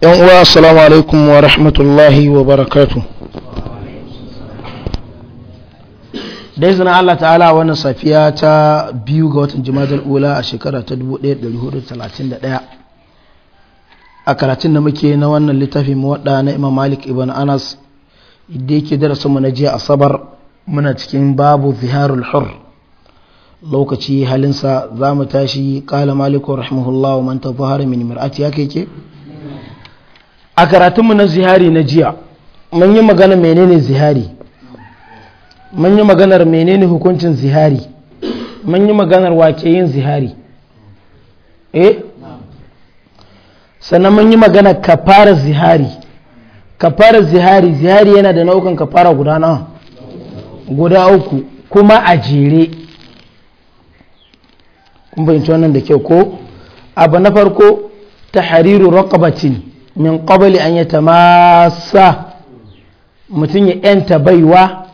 yan uwa assalamu alaikum wa rahmatullahi wa barakatu da zina Allah ta'ala wannan safiya ta biyu ga watan jimadar ula a shekara ta 1431 a karatun da muke na wannan littafi mawaɗa na imam malik ibn anas da yake darasin mu na jiya asabar muna cikin babu ziharul hur lokaci halinsa za mu tashi kala maliku rahimahullah wa man tazahara min mir'ati yake ke a karatun mu na zihari na jiya mun yi magana menene zihari mun yi maganar menene hukuncin zihari mun yi maganar wake yin zihari eh sannan mun yi magana kafara zihari kafara zihari zihari yana da nau'ukan kafara guda nawa guda uku kuma a jere kun bayyance wannan da kyau ko abu na farko tahariru raqabatin min qabli an yatamassa mutum ya yanta baiwa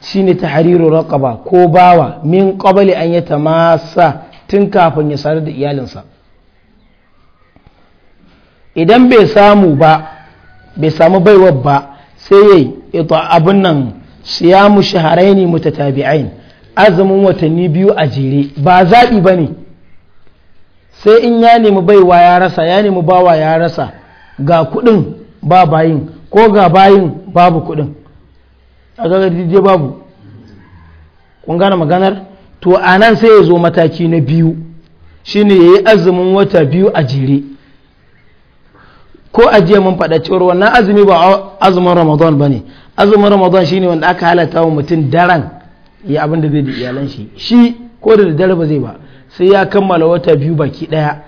shine tahriru raqaba ko bawa min qabli an yatamassa tun kafin ya sadu da iyalinsa idan bai samu ba bai samu baiwa ba sai yayi ito abun nan siyamu ta mutatabi'ain azumin watanni biyu a jere ba zaɓi ba ne sai in ya nemi baiwa ya rasa ya nemi bawa ya rasa ga kuɗin ba bayin ko ga bayin babu kuɗin a gagar dije babu kun gane maganar to a nan sai ya zo mataki na biyu shine ya yi azumin wata biyu a jere ko a jiya mun faɗa cewar wannan azumi ba azumin ramadan ba ne azumin ramadan shine wanda aka halatta wa mutum daren ya abin da zai da iyalan shi shi ko da dare ba zai ba sai ya kammala wata biyu baki ɗaya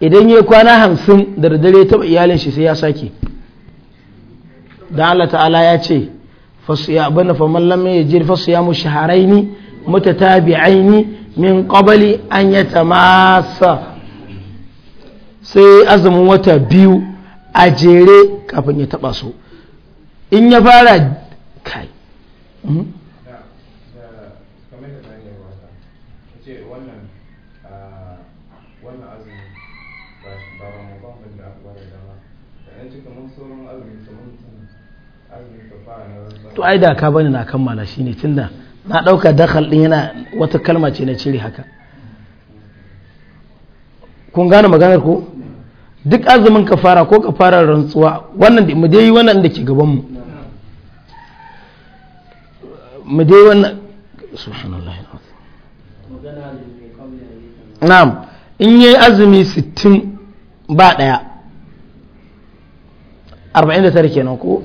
idan ya kwana hamsin da dare ya taɓa iyalin shi sai ya sake da Allah ta'ala ya ce ya abin fa mallam ya jir fasiya mu shaharaini aini min qabli an yatamassa sai azumin wata biyu a jere kafin ya taba su in ya fara kai hmm? to ai da ka bani na kammala shine tunda na dauka dakhal din yana wata kalma ce na cire haka kun gane maganar ku. duk azumin kafara ko fara rantsuwa wannan mu dai wannan da ke gaban mu mu dai wannan subhanallahi na'am in yayi azumi 60 ba daya 49 kenan ko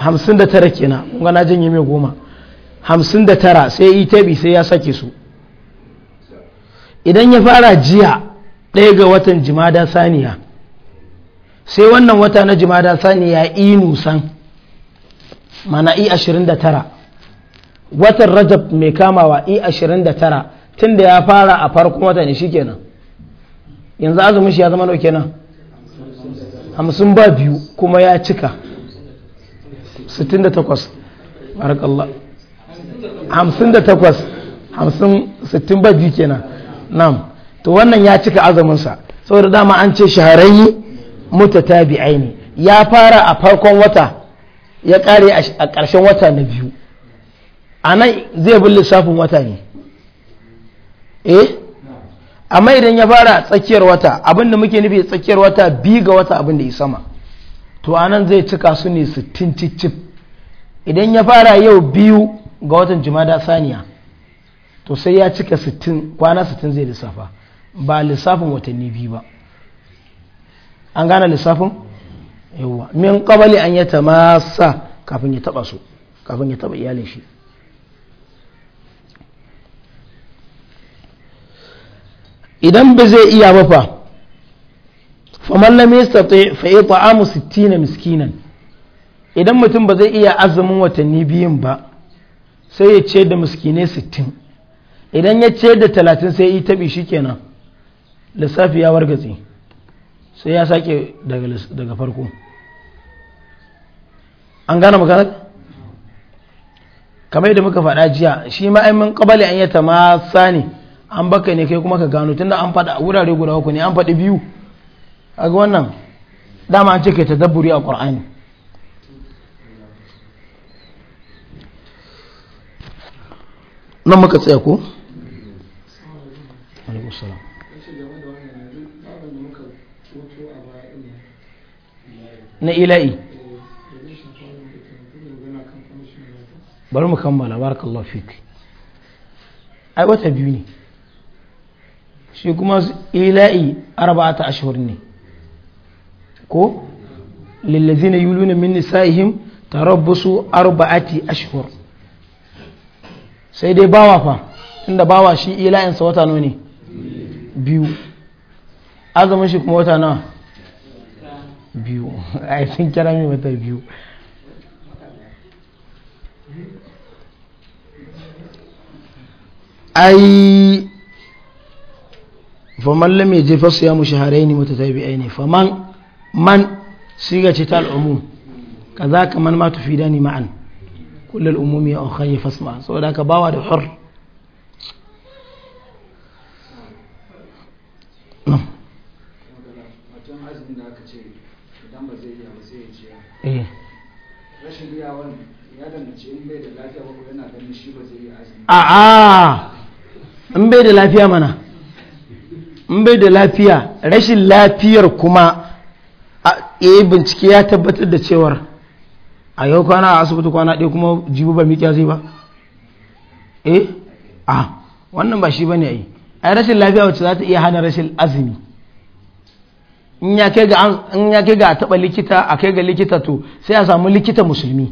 hamsin da tara kenan kun na janye mai goma hamsin da tara sai yi tabi sai ya sake su idan ya fara jiya ɗaya ga watan jimada saniya sai wannan wata na jimada saniya yi nusan mana i ashirin da tara watan rajab mai kamawa i ashirin da tara tun da ya fara a farkon wata ne shikenan yanzu azumin shi ya zama nau kenan hamsin ba biyu kuma ya cika 60 ba kenan to wannan ya cika azumin sa saboda dama an ce shahararri mutatabi'aini ya fara a farkon wata ya kare a ƙarshen wata na biyu a nan zai bin lissafin wata ne eh amma idan ya fara tsakiyar wata abinda muke nufi tsakiyar wata bi ga wata abinda ya sama to a nan zai cika su ne sittin cicif idan ya fara yau biyu ga watan jumada saniya to sai ya cika kwana 60 zai lissafa ba lissafin watanni biyu ba an gane lissafin yawa min kabali an yata masa kafin ya taba su kafin ya taba iyalin shi idan ba zai iya ba fa faman lam yastati fa amu 60 miskinan idan mutum ba zai iya azumin watanni biyun ba sai ya ce da muskine sittin idan ya ce da talatin sai ya yi taɓi shi kenan lissafi ya wargatsi sai ya sake daga farko an gane magana kamar yadda muka faɗa jiya shi ma'aimin ƙabali an yata ma sani, an baka ne kai kuma ka gano tunda an faɗa wurare guda uku ne an faɗi biyu a ga wannan dama an ce ka kai tadabburi a ƙur'ani nan muka tsaya ko na ila'i bari mu kammala barakallahu fik ai wata biyu ne shi kuma ila'i arba'ata ashhur ne ko lillazina yuluna min nisa'ihim tarabbusu arba'ati ashhur sai dai bawa fa inda bawa shi ila'insa wata nuni biyu azumin shi kuma wata nawa biyu yi sun kira mai wata biyu ai faman lam yaje wata siyamu shahrayn mutatabi'aini faman man siga ce ta za kaza kaman ma da ni ma'an kullal umumi an yi fasma saboda ka bawa da hur eh. a'a in bai da lafiya mana in bai da lafiya rashin lafiyar kuma a eh, bincike ya tabbatar da cewar a yau kwana a asibiti kwana ɗaya kuma jibu ba miƙiya zai ba eh a wannan ba shi yi ai yi rashin lafiya wacce za ta iya hana rashin azumi in ya kai ga a taɓa likita a kai ga likita to sai a samu likita musulmi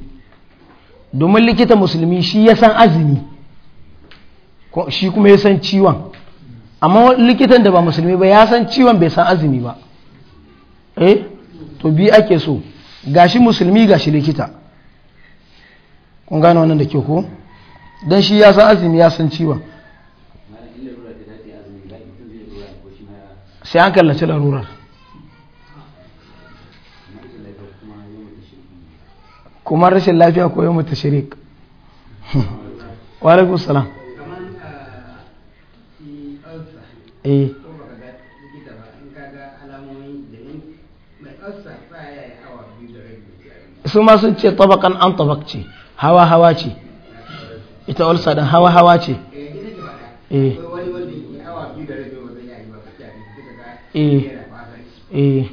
domin likita musulmi shi ya san azumi shi kuma ya san ciwon amma likitan da ba musulmi ba ya san ciwon bai san azumi ba eh to bi ake so gashi musulmi gashi likita kun gane wannan da ke ko don shi ya san azumi ya san ciwon sai an kallaci larurar kuma rashin lafiya ko yau mata shirik wa alaikun salam uh, eh su ma sun ce tabakan an tabak ce hawa hawa ce ita ulsa din hawa hawa ce Yeah. Eh. Eh.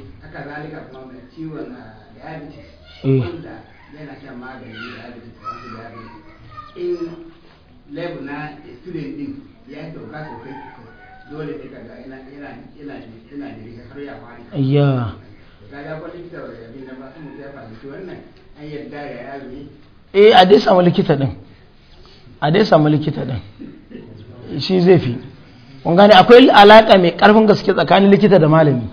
Eh. e a dai samu likita din a dai samu likita din shi zai fi kun gane akwai alaka mai ƙarfin gaske tsakanin likita da malami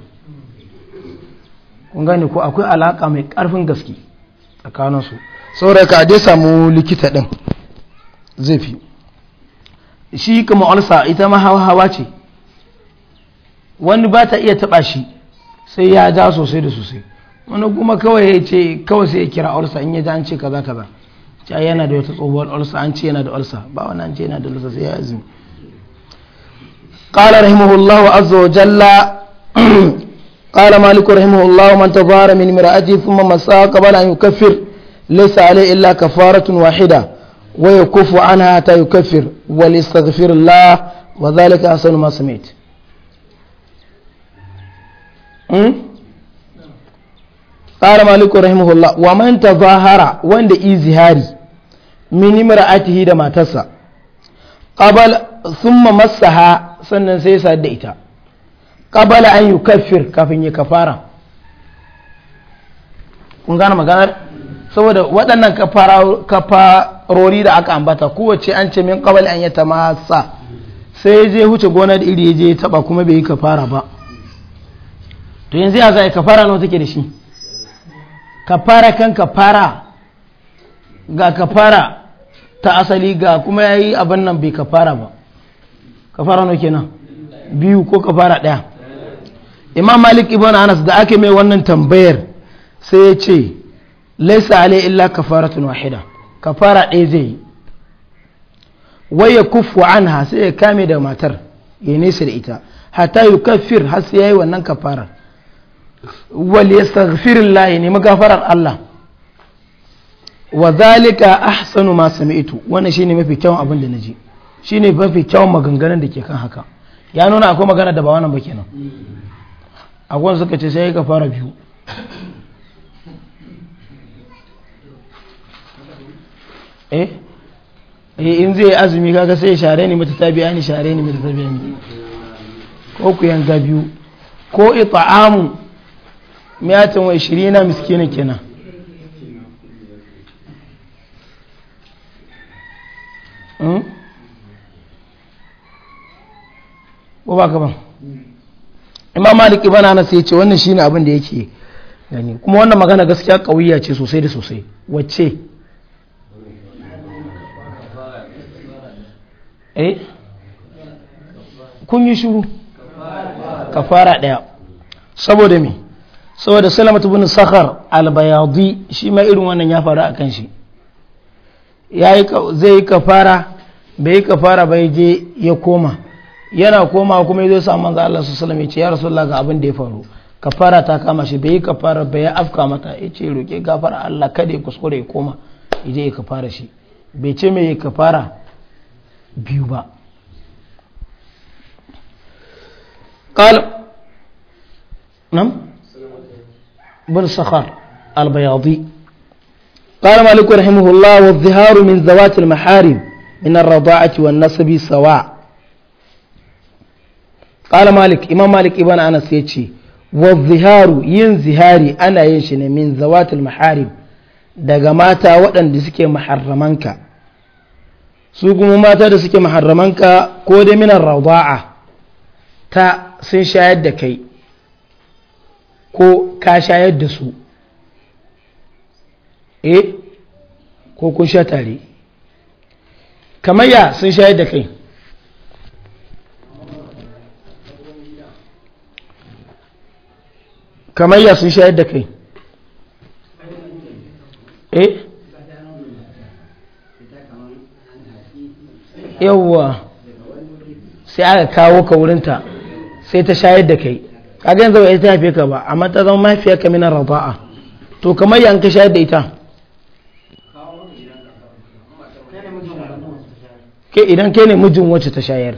kun gane ko akwai alaka mai ƙarfin gaske tsakanin su saboda ka dai samu likita din zai fi shi kuma ulsa ita ma hawa ce wani ba ta iya taɓa shi sai ya ja sosai da sosai wani kuma kawai ya ce kawai sai ya kira ulsa in ya ja an ce kaza kaza ta yana da wata tsohuwar ulsa an ce yana da ulsa ba wani an ce yana da ulsa sai ya azumi قال رحمه الله عز وجل قال مالك رحمه الله من تظاهر من امرأته ثم مساها قبل أن يكفر ليس عليه إلا كفارة واحدة ويكف عنها حتى يكفر وليستغفر الله وذلك أحسن ما سمعت ƙara hmm? maliku rahimahullah wa man tazahara wanda izihari min imra'atihi da matarsa qabal thumma massaha sannan sai sa da ita qabala an yukaffir kafin ya kafara kun gane maganar saboda waɗannan kafarori da aka ambata kowace an ce min qabal an masa sai ya je huce gonar iri ya je taba kuma bai yi kafara ba to yanzu ya zai kafara nawa take da shi kafara kan kafara ga kafara ta asali ga kuma yayi abin nan bai kafara ba kafara nawa kenan biyu ko kafara daya imam malik ibn anas da ake mai wannan tambayar sai ya ce laisa alai illa kafaratun wahida kafara ɗaya zai yi wai ya kufu anha sai ya kame da matar ya nesa da ita hatta yi kafir har sai ya yi wannan kafarar wal yastaghfirillah ne magafarar Allah wa zalika ahsanu ma sami'tu wannan shine mafi kyawun abin da naji shine mafi kyawun maganganun da ke kan haka ya nuna akwai magana da ba wannan ba kenan akwai suka ce sai ka fara biyu eh in zai azumi kaga sai share ni mata tabi'a ni share ni mata tabi'a ko ku yanga biyu ko ita'amu miyatin wa ishirina miskinin kenan ko ba gaban imam malik ibn anas ya ce wannan shine abin da yake gani kuma wannan magana gaskiya kawiya ce sosai da sosai wacce eh kun yi shuru kafara daya saboda me saboda salamatu bin sakhar albayadi shi ma irin wannan ya faru a kan shi zai yi kafara bai yi kafara bai je ya koma yana koma kuma ya zai sa manza Allah su ya ce ya rasulullah ga abin da ya faru kafara ta kama shi bai yi kafara bai afka mata ya ce roƙe gafara Allah kada ya kuskure ya koma ya je ya kafara shi bai ce mai kafara biyu ba قال بن صخر البياضي قال مالك رحمه الله والظهار من ذوات المحارم من الرضاعة والنسب سواء قال مالك إمام مالك ابن أنس يتشي والظهار ين زهاري أنا ينشن من ذوات المحارم daga mata waɗanda suke maharramanka su kuma mata da suke maharramanka ko dai minar raba'a ta sun shayar da kai ko ka shayar da su eh ko kun sha tare kamar ya sun shayar da kai kamar ya sun shayar da kai eh yawwa sai aka kawo ka wurinta sai ta shayar da kai kaga yanzu bai haife ka ba amma ta zama mafiya ka minar raba'a to kamar yan ka shayar da ita ke idan ke ne mijin wacce ta shayar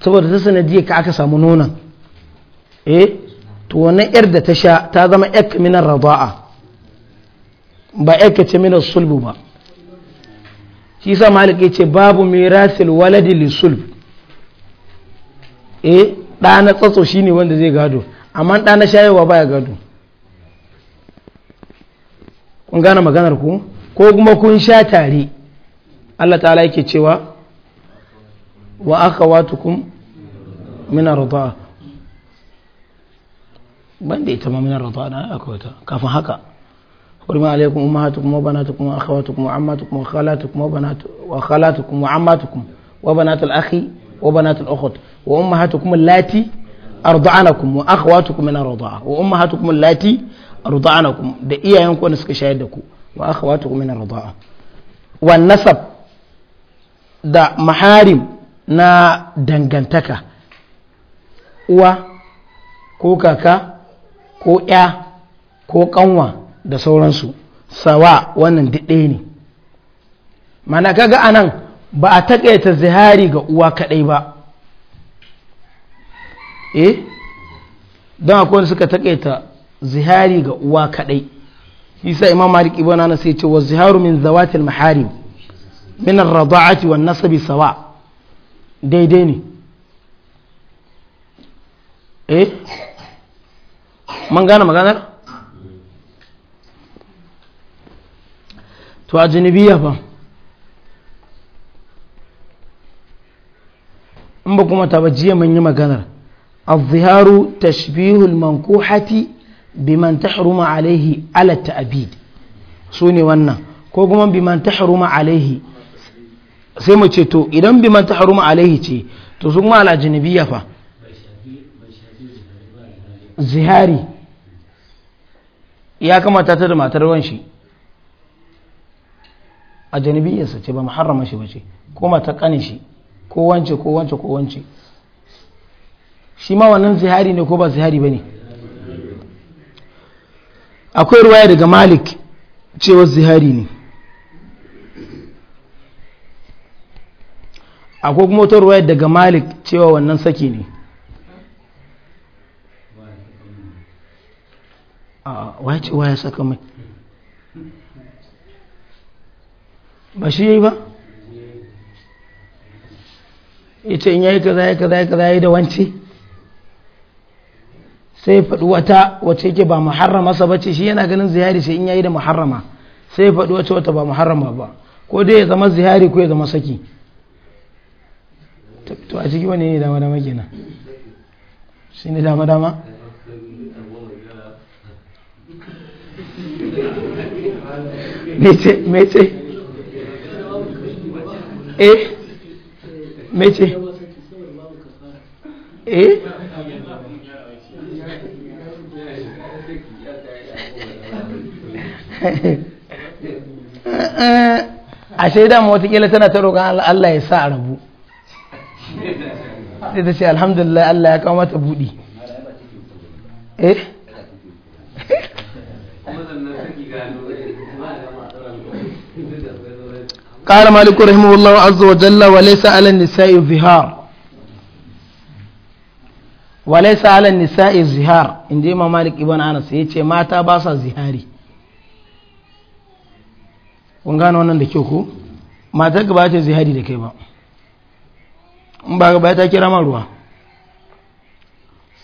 saboda ta sanadiyya ka aka samu nonon eh to wannan yar da ta sha ta zama yar ka minar raba'a ba yar ka ce minar sulbu ba shi sa malik ce babu mirasil waladi li eh ɗa na shi ne wanda zai gado amma ɗa na ba ya gado kun gane maganar ku ko kuma kun sha tare Allah ta'ala yake cewa wa aka kun mina ban da ita ma mina ruta'a na aka wata kafin haka kurma alaikum ummahatukum wa banatukum wa akhawatukum wa ammatukum wa khalatukum wa banatukum wa khalatukum wa ammatukum wa banatul akhi wa banatul ukhut wa اللاتي allati arda'anakum wa akhawatukum min اللاتي wa ummahatukum allati arda'anakum da iyayen ku suka shayar da ku wa akhawatukum min arda'a wa nasab da na dangantaka uwa ko kaka ko ko kanwa da sauransu sawa wannan ɗaya ne mana kaga anan ba a takaita zihari ga uwa kaɗai ba eh don akwai wanda suka takaita zihari ga uwa kadai isa imam malik ibn anas sai ce wa ziharu min zawatil maharim min ar-rada'ati wan nasabi sawa daidai ne eh man gane maganar to a fa in ba kuma ta ba jiya mun yi maganar الظهار تشبيه المنكوحة بمن تحرم عليه على التأبيد سوني وانا كوكما بمن تحرم عليه سيما تشتو إذا بمن تحرم عليه تي تسمى على جنبية فا zihari ya kamata ta da matar wanshi a janibiyarsa ce ba muharrama shi ba ce ko mata kanin shi ko wance ko wance ko wance shi ma wannan zihari ne ko ba zihari ba ne akwai ruwaya daga malik cewa zihari ne akwai kuma wata ruwaya daga malik cewa wannan saki ne ce waya saka mai ba shi yi ba ya ce in yayi kaza za kaza ya kaza ya yi da wance sai faɗi wata wace yake ba muharrama sa bace shi yana ganin zihari sai in yayi da muharrama sai faɗi wacce wata ba muharrama ba ko dai ya zama zihari ko ya zama saki to a ciki wani ne dama dama kenan shi ne dama dama mece mece eh mece eh a shaidan watakila tana ta roƙon Allah ya sa a rabu sai ta ce alhamdulillah Allah ya kawo mata buɗi ƙara eh? malikun rahimahullah azza wa jalla wa laisa ala nisa'i zihar in laisa ala nisa'i zihar inda imam yace mata basa zihari kun gane wannan da kyau ko matar gaba ta zai hadi da kai ba in ba gaba ta kira ma ruwa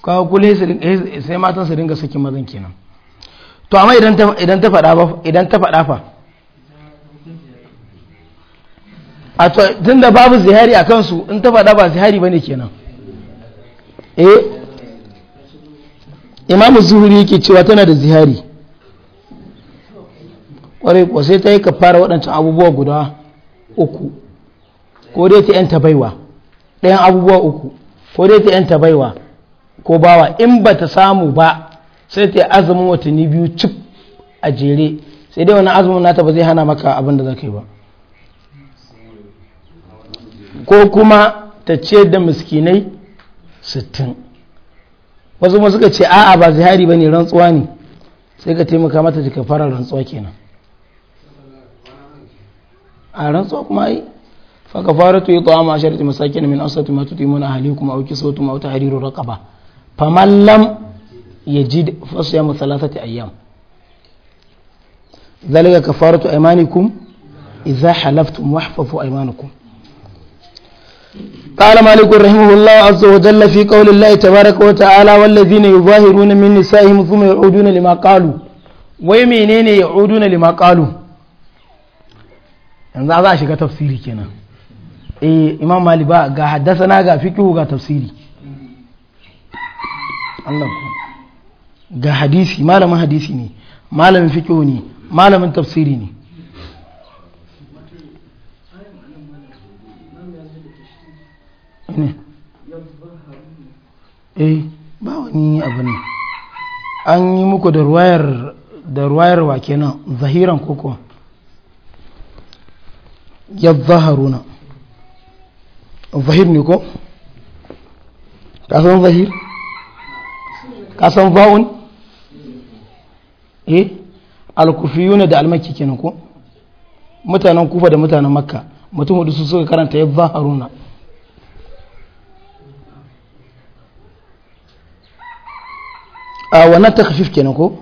kawo kule eh, sai matan su dinga sakin mazan kenan to amma idan ta faɗa ba idan ta faɗa fa a to tun da babu zihari a kansu in ta faɗa ba zihari ba ne kenan eh imamu zuhuri yake cewa tana da zihari kwarai kuwa sai ta yi ka fara waɗancan abubuwa guda uku ko dai ta yanta baiwa ɗayan abubuwa uku ko dai ta yanta baiwa ko bawa in ba ta samu ba sai ta yi azumin watanni biyu cif a jere sai dai wani azumin nata ba zai hana maka abin da za ka yi ba ko kuma ta ce da miskinai sittin wasu ma suka ce a'a ba zihari ba ne rantsuwa ne sai ka taimaka mata jika fara rantsuwa kenan a rantsuwa kuma ai fa kafaratu yut'am asharatu masakin min asati ma tutimuna ahlikum aw kiswatukum aw tahriru raqaba faman lam yajid fa siyamu thalathati ayyam ذلك كفارة أيمانكم إذا حلفتم واحفظوا أيمانكم قال مالك رحمه الله عز وجل في قول الله تبارك وتعالى والذين يظاهرون من نسائهم ثم يعودون لما قالوا ويمينين يعودون لما قالوا yanzu za a shiga tafsiri kenan eh imam malik ba ga haddasana ga fiqhu ga tafsiri Allah ga hadisi malamin hadisi ne malamin fiqhu ne malamin tafsiri ne eh ba wani abu ne an yi muku da ruwayar da ruwayar wa kenan zahiran koko yadhaharuna zahir ni ko kasan zahir kasan va'un eh alkufiyuna da almakki kenan ko mutanen kufa da mutanen makka mutum hudu su suka karanta yadhaharuna a wannan takfif kenan ko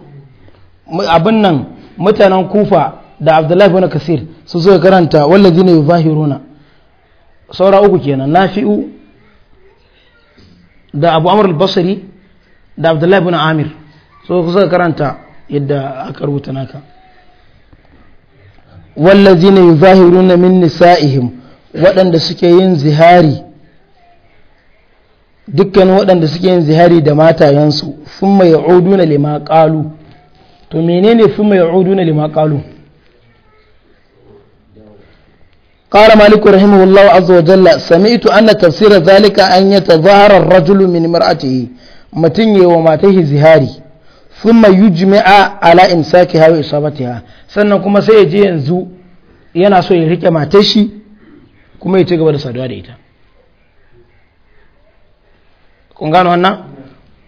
abin nan mutanen kufa da abdullahi bin kasir su zo karanta wallazi ne zahiruna saura uku kenan nafi'u da abu amr al-basri da abdullahi bin amir so su karanta yadda aka rubuta naka wallazi ne zahiruna min nisa'ihim waɗanda suke yin zihari dukkan waɗanda suke yin zihari da matayensu sun mai ya'uduna lima ƙalu to menene sun mai ya'uduna lima ƙalu قال مالك رحمه الله عز وجل سمعت أن تفسير ذلك أن يتظاهر الرجل من امرأته متن وماته زهاري ثم يجمع على إمساكها وإصابتها sannan kuma sai ya je yanzu yana so ya rike matar shi kuma ya wannan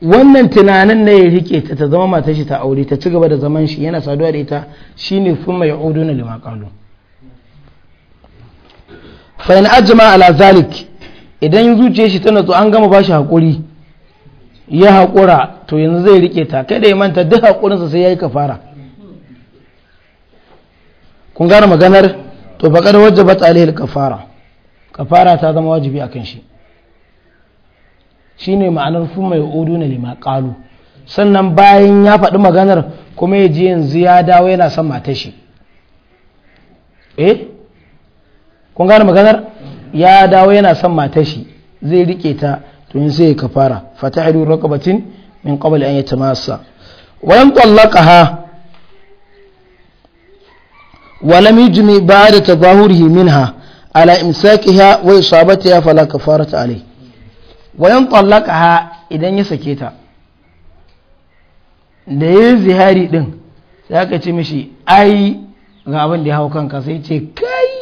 wannan tunanin ne yake ta ta zama mata shi ta aure ta ci gaba da zaman shi yana saduwa da ita shine fuma ya uduna lima qalu fa in ajma ala zalik idan zuciyar shi ta natsu an gama ba shi haƙuri ya haƙura to yanzu zai rike ta kada ya manta duk haƙurinsa sai ya yi kafara kun gane maganar to faƙar wajabat alaihi kafara kafara ta zama wajibi a kan shi shine ma'anar fu mai odu na lima ƙalu sannan bayan ya faɗi maganar kuma ya ji yanzu ya dawo yana son matar shi eh kun gane maganar ya dawo yana son matar shi zai rike ta to in sai ka fara fatahiru raqabatin min qabl an yatamassa wa lam tallaqaha wa lam yujmi ba'da tadahurihi minha ala imsakiha wa isabatiha fala kafarata alayhi wa lam tallaqaha idan ya sake ta da yayin zihari din sai aka ce mishi ai ga abin da ya hau kanka sai ce kai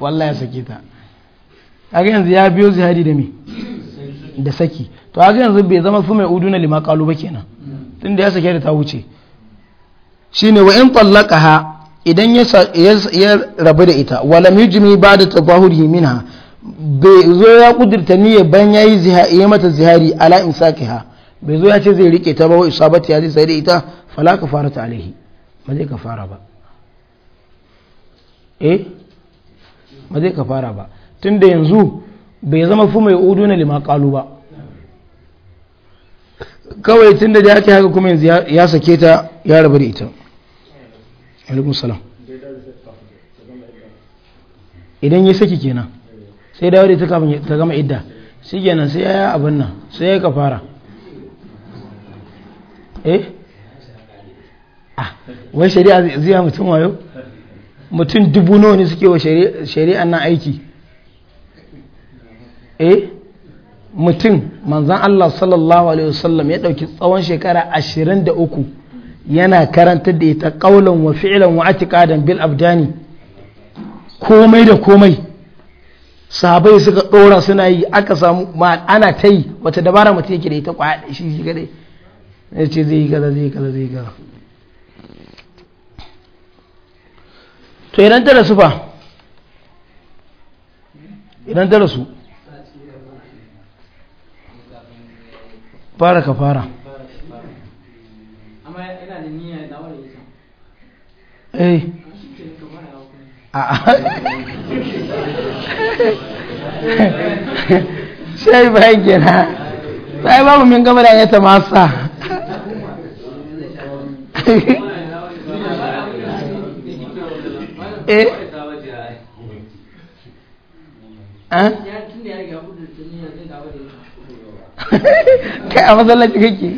wallahi ya sake ta kaga yanzu ya biyo zihari da me da saki to kaga yanzu bai zama su mai udu na lima kalu ba kenan tunda ya sake da ta wuce shine wa in tallaqaha idan ya rabu da ita walam yujmi da tadahuri minha bai zo ya kudirta niyyar ban yayi zihari mata zihari ala insakiha bai zo ya ce zai rike ta ba wa isabati ya zai sai da ita fala farata alaihi ba zai ka fara ba eh ba zai ka fara ba tun da yanzu bai zama fi mai udu na lima kalu ba kawai tun da ya ce haka kuma yanzu ya sake ta ya rabu da ita alaikun salam idan ya saki kenan sai dawo da ita kafin ta gama idda shi kenan sai ya yi abin nan sai ya yi fara. eh ah shari'a zai mutum wayo mutum dubu nawa ne suke wa shari'an nan aiki eh mutum manzan Allah sallallahu alaihi wasallam ya ɗauki tsawon shekara ashirin da uku yana karanta da ita ƙaunar wa fi'ilan wa atiƙadan bil abdani komai da komai sahabai suka ɗora suna yi aka samu ana ta yi wata dabara mutum yake da ita kwa shi shi kadai ya ce zai yi kaza zai yi kaza to idan ta rasu fa idan ta rasu fara ka fara eh sai bayan gina sai babu min gaba da ya ta masa Eh? Eh? Eh? kai a matsalacin kake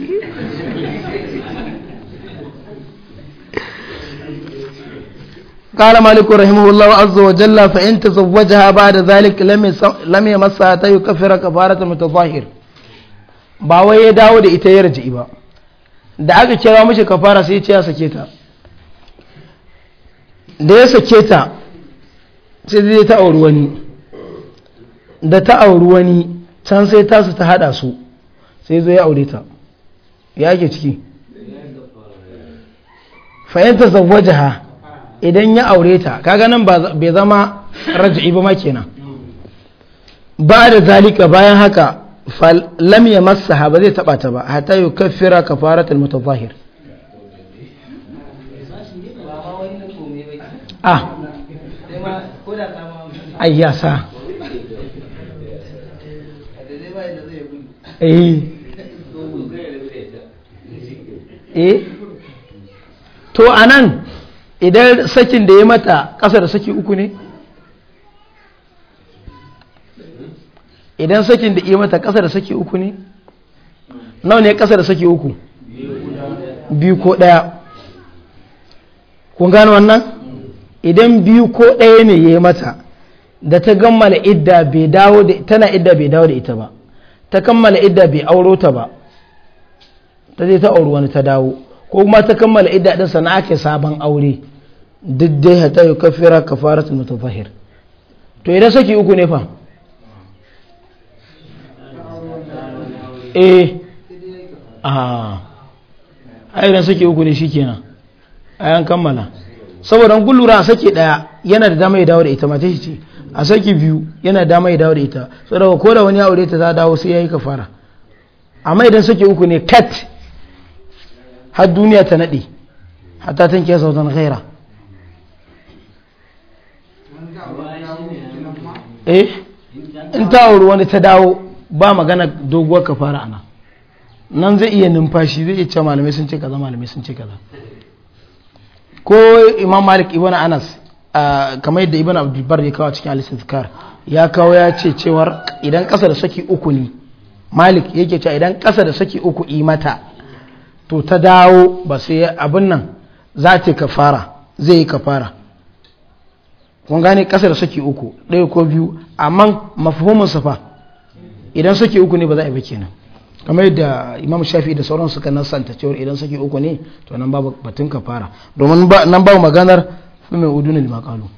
kala malikun rahimu wa lawa wa jalla fa’in ta zuwa jiha ba da zaliki lamai masa ta yi kafira ka fara ta mutu zahir ba wai ya dawo da ita ya ji ba da aka cewa mashi kafara sai ce ya sake ta da ya sake ta sai dai ta auri wani da ta auri wani can sai tasu ta hada su sai zo ya aure ta ya ke ciki fa'yanta zawaja ha idan ya aure ta kaga nan bai zama raji'i ba ma ba da zalika bayan haka lam ya masa ba zai taba ta ba hata yi kafira kafaratul mutazahir Ah. a ayyasa eh eh to anan idan sakin da ya mata ƙasa da saki uku ne idan sakin da ya mata ƙasa da saki uku ne Nau ne ƙasa da saki uku biyu ko ɗaya kun gano wannan idan biyu ko ɗaya ne ya yi mata da ta gammala idda bai dawo da tana idda bai dawo da ita ba ta kammala idda bai auro ta ba ta je ta auri wani ta dawo ko kuma ta kammala idda din sana ake sabon aure duk dai hata yi kafira mutu mutafahir to idan saki uku ne fa eh a ah. idan saki uku ne shikenan ayan kammala saboda an gullura a sake daya yana da dama ya dawo da ita mace shi ce a sake biyu yana da dama ya dawo da ita saboda ko da wani ya aure ta za dawo sai yayi kafara amma idan sake uku ne kat har duniya ta nade hatta tan ke sautan ghaira eh in ta aure wani ta dawo ba magana doguwar kafara ana nan zai iya numfashi zai iya ce malamai sun ce kaza malamai sun ce kaza ko imam malik ibn anas kamar yadda ibn abdulbar ya kawo cikin alisin fikar ya kawo ya ce cewar idan kasa da saki uku ne malik yake cewa idan kasa da saki uku yi mata to ta dawo ba sai abin nan za ta kafara zai yi kafara kun gane kasa da saki uku ɗaya ko biyu amma mafahimin fa idan saki uku ne ba za a yi ba kenan kamar yadda imam shafi da sauran suka nasanta cewar idan saki uku ne to nan babu batun kafara domin nan babu maganar fi mai makalu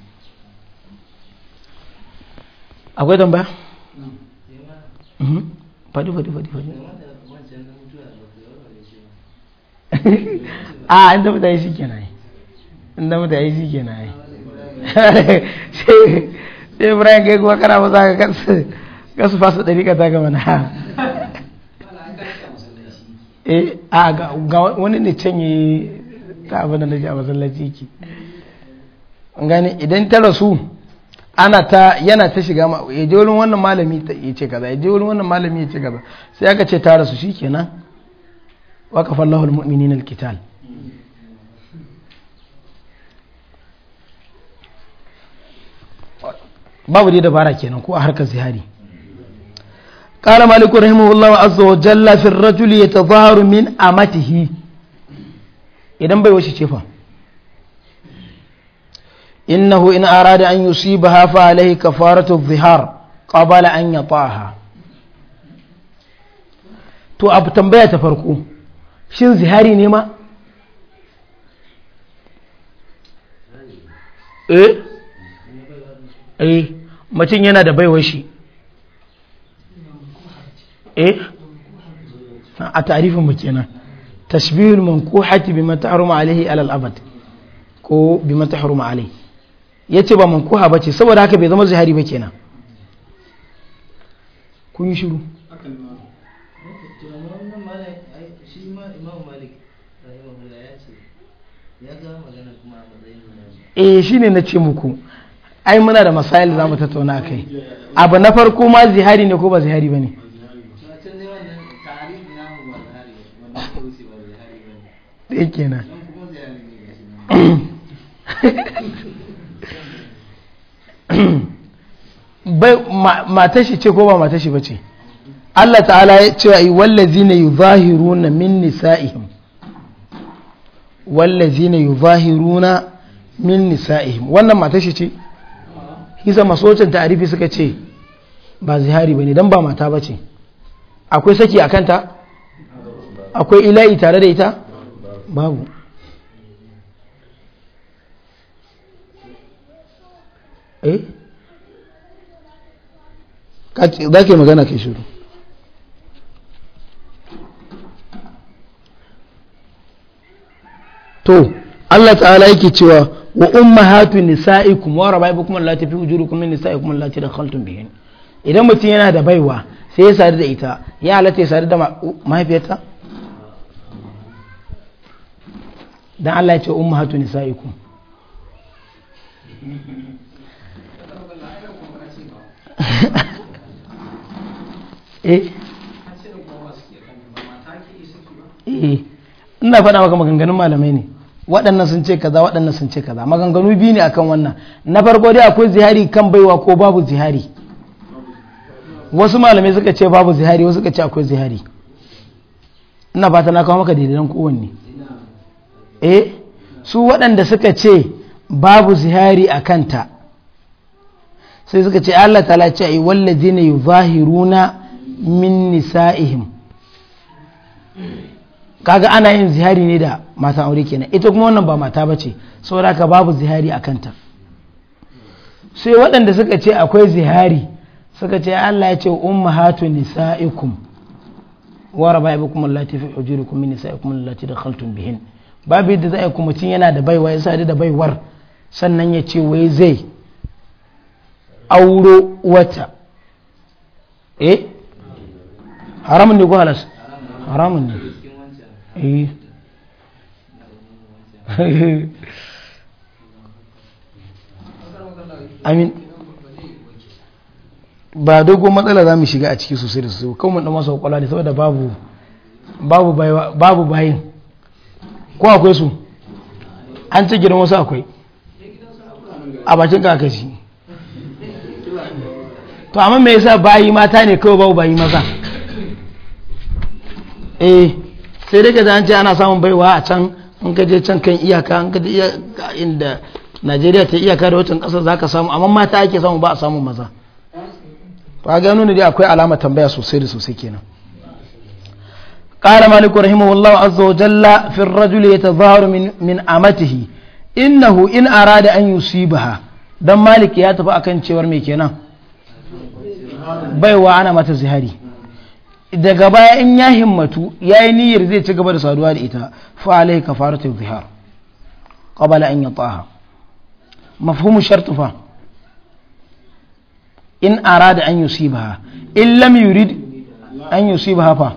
akwai a mhm. ah, ke kuma kana ka kasu fasa ɗari ka ta gama na eh a ga wani ne can yi ta abin da naji a masallaci ki gani idan ta rasu ana ta yana ta shiga ma ya je wurin wannan malami ya ce kaza ya je wurin wannan malami ya ce kaza sai aka ce ta rasu shikenan waqafa Allahu al-mu'minina al-qital babu dai dabara kenan ko a harkar zihari قال مالك رحمه الله عز وجل في الرجل يتظاهر من أمته إذن بي وشي شفا إنه إن أراد أن يصيبها فعليه كفارة الظهار قبل أن يطاها to abu tambaya ta farko shin zihari ne ma? eh eh mutum yana da baiwar shi Eh? a tarifin mu kenan tashbihul mankuhati mata tahruma alaihi alal abad ko bi bima tahruma ya yace ba mankuha bace saboda haka bai zama zihari ba kenan kun yi shiru eh ne na ce muku ai muna da masayil za mu tattauna kai abu na farko ma zihari ne ko ba zihari ba ne ɗaya kenan ce Allah ta'ala ya ce ai wallazina yuzahiruna min wallazina min wannan ce kisa ta'arifi suka ce ba zihari bane dan ba mata bace akwai saki a kanta akwai ila'i tare da ita babu eh za ke magana kai shiru to Allah ta'ala yake cewa wa ummahatu nisa'ikum wa rabaibukum allati fi wujudukum min nisa'ikum allati dakhaltum bihin idan mutum yana da baiwa sai ya sadu da ita ya halatta ya sadu da mahaifiyarta dan Allah ya ce ummahatu nisaikum eh. eh ina faɗa maka maganganun malamai ne waɗannan sun ce kaza waɗannan sun ce kaza maganganu biyu ne akan wannan na farko dai akwai zihari kan baiwa ko babu zihari wasu malamai suka ce babu zihari wasu suka ce akwai zihari ina fata na kawo maka dalilan kowanne eh su waɗanda suka ce babu zihari a kanta sai suka ce Allah ta lace ai wallazi ne yuzahiruna min nisa'ihim kaga ana yin zihari ne da matan aure kenan ita kuma wannan ba mata bace saboda ka babu zihari a kanta sai waɗanda suka ce akwai zihari suka ce Allah ya ce ummahatu nisa'ikum wa rabaibukum allati fi hujurikum min nisa'ikum allati dakhaltum bihin babu yadda za a yi mutum yana da baiwa ya sadu da baiwar sannan ya ce wai zai auro wata eh haramun ne ko halas haramun ne eh amin ba dogon matsala za mu shiga a ciki sosai da sosai kawai mun dan masa kwakwalwa ne saboda babu babu bayin ko akwai su an ce gidan wasu akwai a bakin kakashi to amma mai yasa bayi mata ne kawai ba bayi maza eh sai dai ka an ce ana samun baiwa a can in ka je can kan iyaka in ka je iyaka inda Najeriya ta iyaka da wacin kasar ka samu amma mata ake samu ba a samun maza ba gano ne dai akwai alama tambaya sosai da sosai kenan قال مالك رحمه الله عز وجل في الرجل يتظاهر من من امته انه ان اراد ان يصيبها dan malik ya tafi akan cewar me kenan baiwa ana mata zihari daga baya in ya himmatu ya yi niyyar zai ci gaba da saduwa da ita fa alai kafaratu zihar qabala an yataha mafhumu shartu fa in arada an yusibaha in lam yurid an yusibaha fa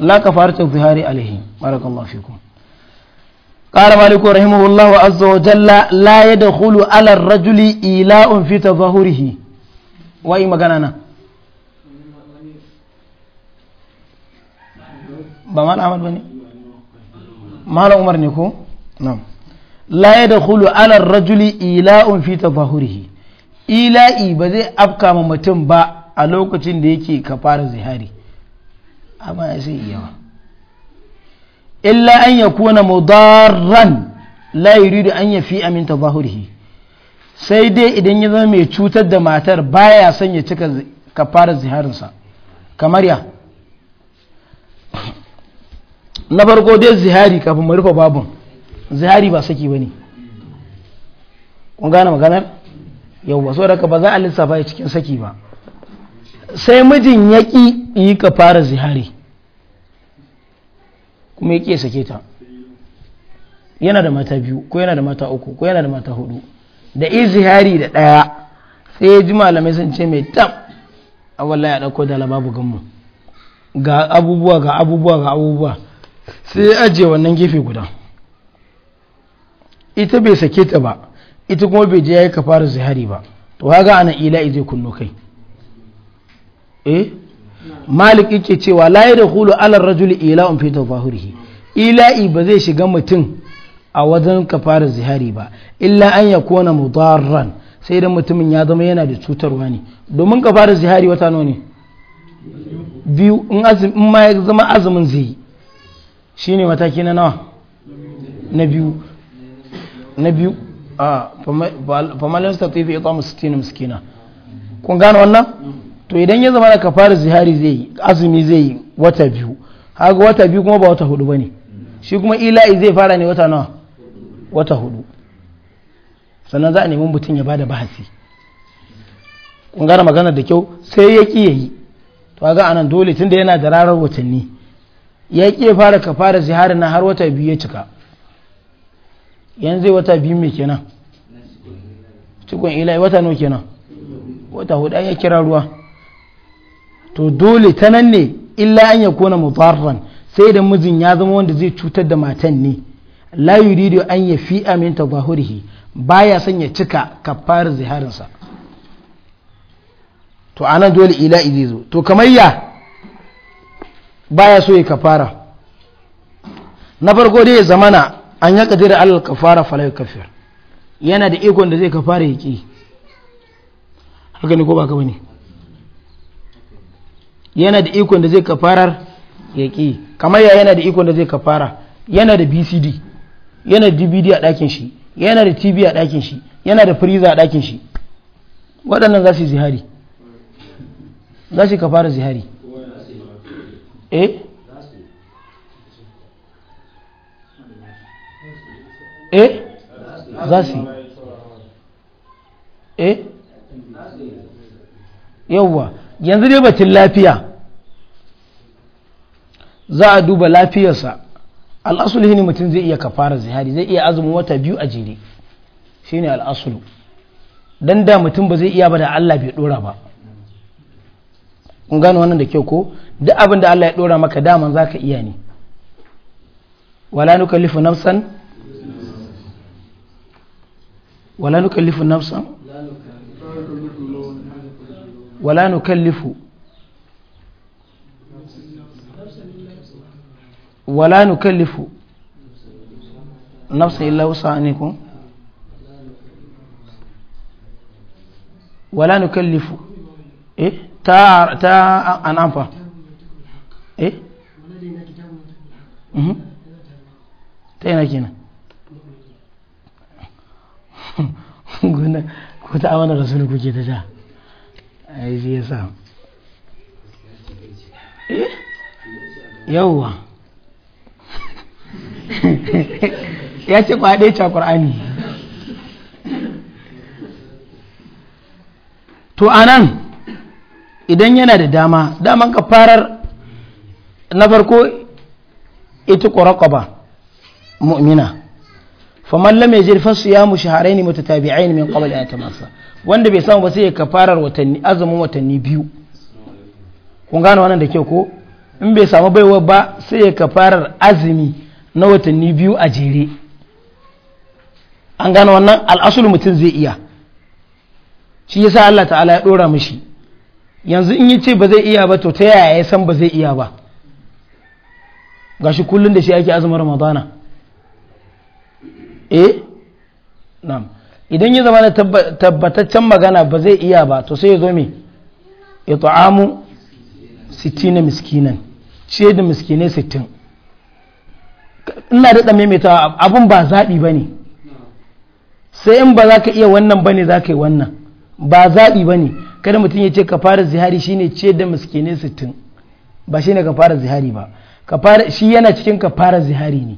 la kafar da ta fi hari alahi wa fi ku kalamaliku wa rahimu allahu wa'azawajala layi da hudu alarra juli illa un fita bahurihi. wa magana nan bamar ahmadu ba ne umar ne ku? non layi da hudu alarra juli illa un fita bahurihi illa yi bazai afkama mutum ba a lokacin da yake ka fara zihari. amma zai iya illa an yakuna mudarran la yuridu an yafi amin sai dai idan ya zama mai cutar da matar baya son ya cika kafara ziharinsa kamar ya na farko dai zihari kafin mu rufe babun zihari ba saki bane kun gane maganar yau ba so da ba za a lissafa cikin saki ba sai mijin ya ƙi yi ka fara zihari kuma ya ƙi ya sake ta yana da mata biyu ko yana da mata uku ko yana da mata hudu da zihari da ɗaya sai ya ji malamai sun ce mai tam a wallahi ya ɗauko dala babu ga abubuwa ga abubuwa ga abubuwa sai ya ajiye wannan gefe guda ita bai sake ta ba ita kuma bai je ya yi ka fara zihari ba to haga ana ila zai kunno kai eh malik yake cewa la dakhulu ala rajuli um fi tafahurihi ila'i ba zai shiga mutum a wajen kafara zihari ba illa an ya kona mudarran sai da mutumin ya zama yana da cutarwa ne domin kafara zihari wata nawa ne biyu in azumin ma ya zama azumin zai shine mataki na nawa na biyu na biyu ah, a famalin statifi ita musu tina kun gane wannan to idan ya zama da ka fara zihari zai yi azumi zai yi wata biyu haka wata biyu kuma ba wata hudu ne. shi kuma ila'i zai fara ne wata nawa wata hudu sannan za a nemi mutum ya bada bahasi kun gane magana da kyau sai ya ƙi ya yi. to ga anan dole tunda yana da rarar watanni ya ƙi ya fara ka fara zihari na har wata biyu ya cika yanzu wata biyu mai kenan cikon ila'i wata nawa kenan wata hudu ya kira ruwa to dole ta nan ne illa an ya kona mutarran sai da mijin ya zama wanda zai cutar da matan ne la yuridu an ya fi aminta zahurihi baya son ya cika kafarar ziharinsa to anan dole ila izizo to kamar ya baya so ya kafara na farko dai ya zamana an ya kadira alal kafara falai kafir yana da ikon da zai kafara ya ki haka ne ko ba ka bane yana da ikon da zai kafarar ya ƙi kamar ya yana da ikon da zai kafara yana da bcd yana da dvd a ɗakin shi yana da tv a ɗakin shi yana da freezer a ɗakin shi waɗannan za su yi zihari za su yi kafara zihari eh eh za su eh yawwa yanzu dai batun lafiya za a duba lafiyarsa al'asulu ne mutum zai iya kafara zihari zai iya azumin wata biyu a jere shi ne al'asulu don da mutum ba zai iya ba da Allah bai dora ba kun gano wannan da kyau ko duk abin da Allah ya dora maka daman ka iya ne wala nukallifu nafsan wala nukallifu nafsan ولا نكلف ولا نكلف نفس إلا وسعها أن يكون ولا نكلف إيه تا تا أنام إيه مه تينا كنا قلنا كنت أوانا رسولك جا ai shi yasa eh ya ce kwaɗe ce ƙur'ani to anan idan yana da dama daman ka farar na farko ita ba mu'mina faman lam yajid fasu ya tabi'ai ne min qabl ta masa. wanda bai samu ba sai ya kafarar watanni azumin watanni biyu kun gane wannan da kyau ko in bai samu baiwa ba sai ya kafarar azumi na watanni biyu a jere an gane wannan al'asul mutum zai iya shi yasa Allah ta'ala ya dora mishi yanzu in yace ba zai iya ba to ta yaya ya san ba zai iya ba gashi kullun da shi ake azumin ramadana eh na'am idan ya zama tabbataccen magana ba zai iya ba to sai ya zo me ya ta'amu 60 miskinan ce da miskinai 60 ina daɗa maimaita abin ba zaɓi ba ne sai in ba za ka iya wannan ba ne za ka yi wannan ba zaɓi ba ne kada mutum ya ce ka fara zihari shine ce da miskinai 60 ba shine ka fara zihari ba shi yana cikin ka fara zihari ne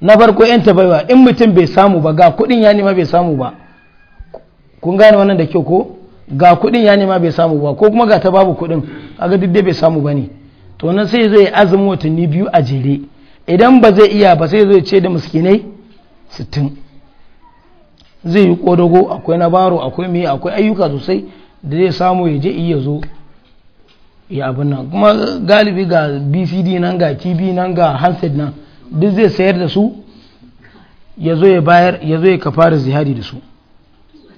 na farko yan tabaiwa in mutum bai samu ba ga kudin ya nema bai samu ba kun gane wannan da kyau ko ga kudin ya nema bai samu ba ko kuma ga ta babu kudin kaga duk dai bai samu ba ne to nan sai zai azumin watanni biyu a jere idan ba zai iya ba sai zai ce da miskinai sittin zai yi kodogo akwai na baro akwai mai akwai ayyuka sosai da zai samu ya je iya zo ya abin nan kuma galibi ga bcd nan ga tv nan ga handset nan duk zai sayar da su ya zo ya bayar ya zo ya kafara zihari da su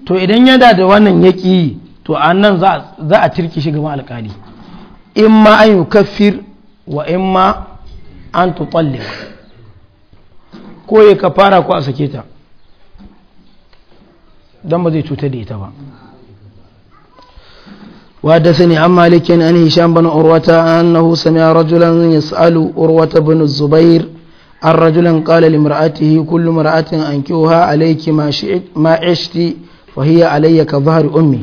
to idan yana da wannan yaki to a nan za a cirki shi gaban alƙali in ma an yi kafir wa in ma an tutalle ko ya kafara ko a sake ta don ba zai cutar da ita ba وحدثني عن مالك عن هشام بن عروة أنه سمع رجلا يسأل عروة بن الزبير الرجل قال لامرأته كل مرأة أنكوها عليك ما, شئت ما عشت فهي علي كظهر أمي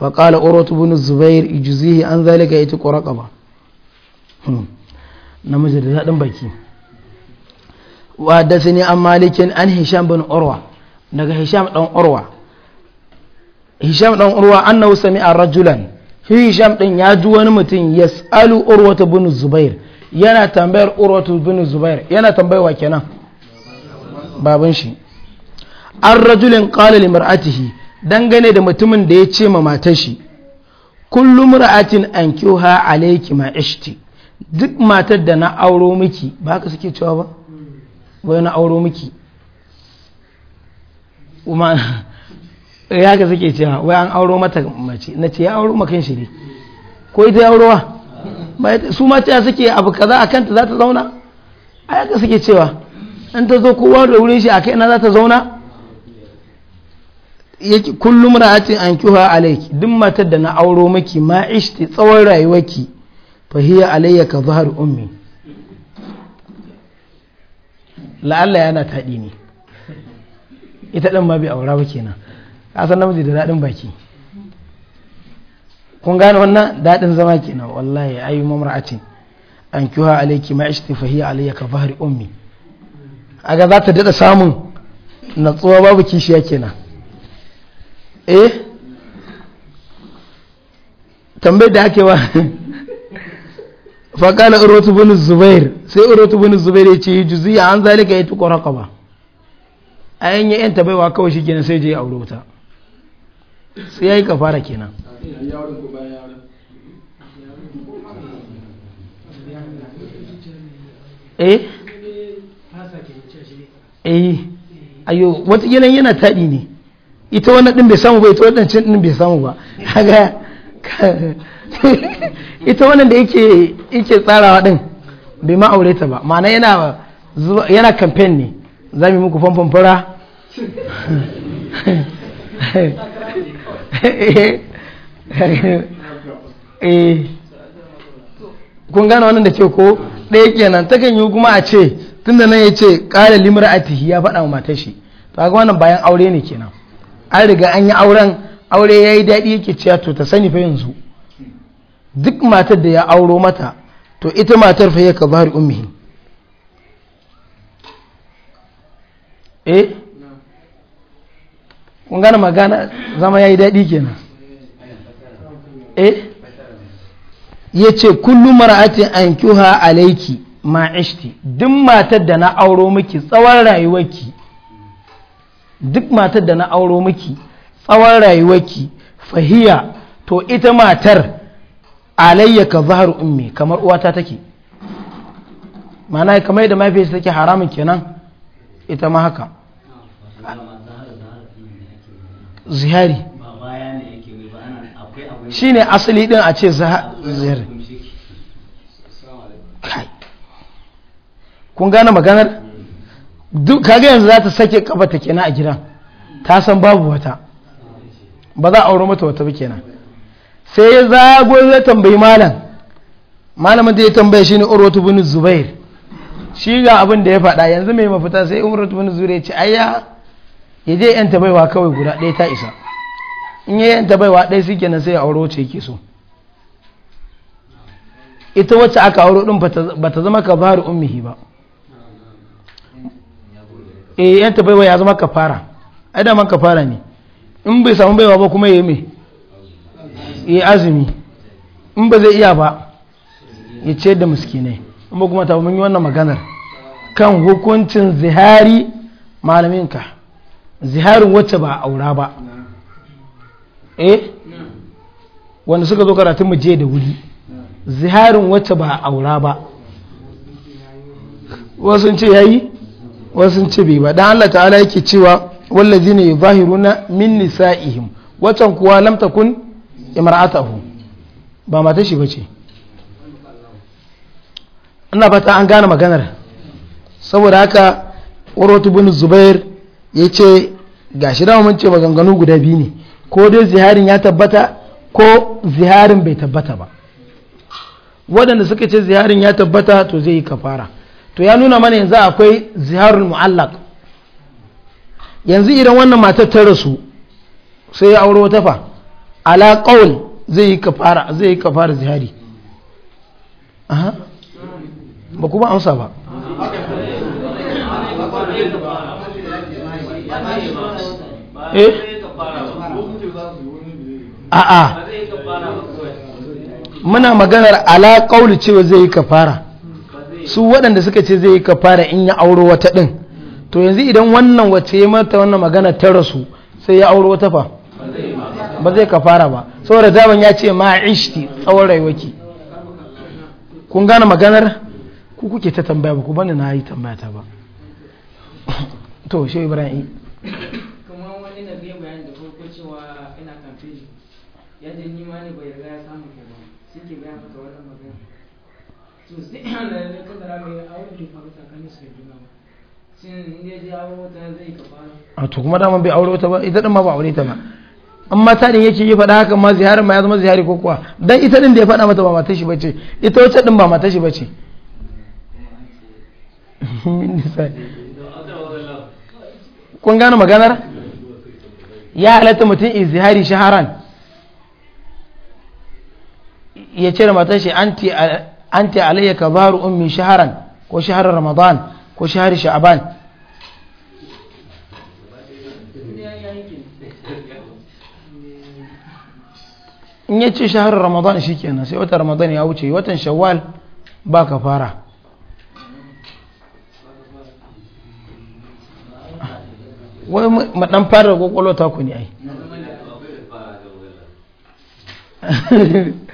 فقال أروت بن الزبير يجزيه عن ذلك يتق رقبة نمجد ذات بيكي وحدثني عن مالك عن هشام بن أروى نجا هشام بن أروى هشام بن أروى أنه سمع رجلا هشام بن يجوان متين يسأل أروة بن الزبير yana tambayar urwatu bin zubair yana tambayarwa kenan baban shi an rajulin qala li mar'atihi dangane da mutumin da ya ce ma matar shi kullu mar'atin ankiha alayki ma ishti duk matar da na auro miki ba haka suke cewa ba wai na auro miki kuma ya ka suke cewa wai an auro mata mace na ce ya auro makan shi ne ko ita ya wa? su ma ta suke abu kaza a kanta za ta zauna a yaka suke cewa in ta zo kowa da wurin shi a kai na za ta zauna yake kullum ra'atin an kyuha alaiki duk matar da na auro maki ma ishti tsawon rayuwarki fa hiya alayya ka zahar ummi la'alla yana taɗi ne ita ɗan ma bai aura ba kenan ka san namiji da daɗin baki kun gane wannan daɗin zama na wallahi ayu mamra'atin an kiwa alayki ma ishti fa hiya alayya ka bahri ummi aga za ta dada samun natsuwa babu kishiya kenan eh tambayar da ake wa fa kana urutu bin zubair sai urutu bin zubair yace juziya an zalika ba, a ayyan yan tabaiwa kawai shi kenan sai je aure wuta sai ya yi ka fara kenan yawon bayan yawon eh ayo wata yanayin yana taɗi ne ita wannan ɗin bai samu ba ita wannan cin ɗin bai samu ba haga ita wannan da yake tsarawa ɗin bai ma aure ta ba ma'ana yana kamfen campaign ne za mu muku fanfan fara eh, Eh, kun gane wannan da ke ko ɗaya kenan ta kan yi kuma a ce tun da nan ya ce ƙara limar tihi ya faɗa wa matar shi to ga wannan bayan aure ne kenan an riga an yi auren aure ya yi daɗi yake cewa to ta sani fa yanzu duk matar da ya auro mata to ita matar fa ya ka bari ummihi eh kun gane magana zama ya yi daɗi kenan Eh? ya ce kullum mara'atin an kyuha alaiki ishti duk matar da na auro miki tsawon rayuwarki duk matar da na auro miki tsawon rayuwarki fahiya to ita matar alayya ka zahar ummi kamar uwata take mana kamar yadda mahaifiyarsa take haramun kenan ita ma haka zihari Shi ne asali din a ce zahir kun gane maganar duk kaga yanzu za ta sake kafa ta kenan a gidan ta san babu wata ba za a auro mata wata ba kenan sai ya zago ya tambayi malam malamin da ya shi ne urwatu bin zubair shi ga abin da ya faɗa yanzu mai mafita sai urwatu bin zubair ya ce ayya ya je yanta baiwa kawai guda ɗaya ta isa in ya yanta baiwa ɗaya suke na sai ya auro wacce ke so ita wacce aka auro ɗin ba ta zama ka fara ummihi ba e yanta baiwa ya zama ka fara ai da ka fara ne in bai samu baiwa ba kuma ya mai ya azumi in ba zai iya ba ya ce da muskinai in ba kuma ta mun yi wannan maganar kan hukuncin zihari malaminka ziharin wacce ba aura ba eh wanda suka zo karatu mu je da wuri ziharin wacce ba aura ba wasu ce yayi wasu ce bai ba dan Allah ta'ala yake cewa wallazina yuzahiruna min nisa'ihim wacan kuwa lam takun imra'atahu ba mata shi bace ina fata an gane maganar saboda haka urwatu bin zubair yace gashi da mun ce maganganu guda biyu ne ko dai ziharin ya tabbata ko ziharin bai tabbata ba waɗanda suka ce ziharin ya tabbata to zai yi kafara to ya nuna mana yanzu akwai ziharul mu'allak yanzu idan wannan matar ta rasu sai ya auro wata fa ala qaul zai yi kafara zai yi kafara zihari aha ba kuma amsa ba eh a'a muna maganar ala kauli cewa zai yi kafara su waɗanda suka ce zai yi kafara in ya auro wata ɗin to yanzu idan wannan wace mata wannan magana ta rasu sai ya auro wata fa ba zai kafara ba saboda zaban ya ce ma ishti tsawon rayuwaki kun gane maganar ku kuke ta tambaya ba ku bane na yi tambaya ta ba to shi ibrahim kamar wani na biyan yadda ni ma ne bai riga ya samu ke ba ke gaya mata wannan magana to sai Allah ne kada ra mai aure da faru tsakanin su juna shin in ya ji aure wata zai ka fara a to kuma daman bai aure wata ba ita din ma ba aure ta ba amma ta din yake yi faɗa haka ma ziyarar ma ya zama ziyari ko kuwa dan ita din da ya faɗa mata ba matar shi bace ita wacce din ba matar shi bace kun gane maganar ya halatta mutum izihari shaharan ya ce da shi an anti alayya baru ummi shaharan ko shaharar ramadan ko shahar sha'aban in ya ce shaharar ramadan shi kenan sai watan ramadan ya wuce watan shawwal ba ka fara wai maɗan fara kwakwalwa ta ku ne ai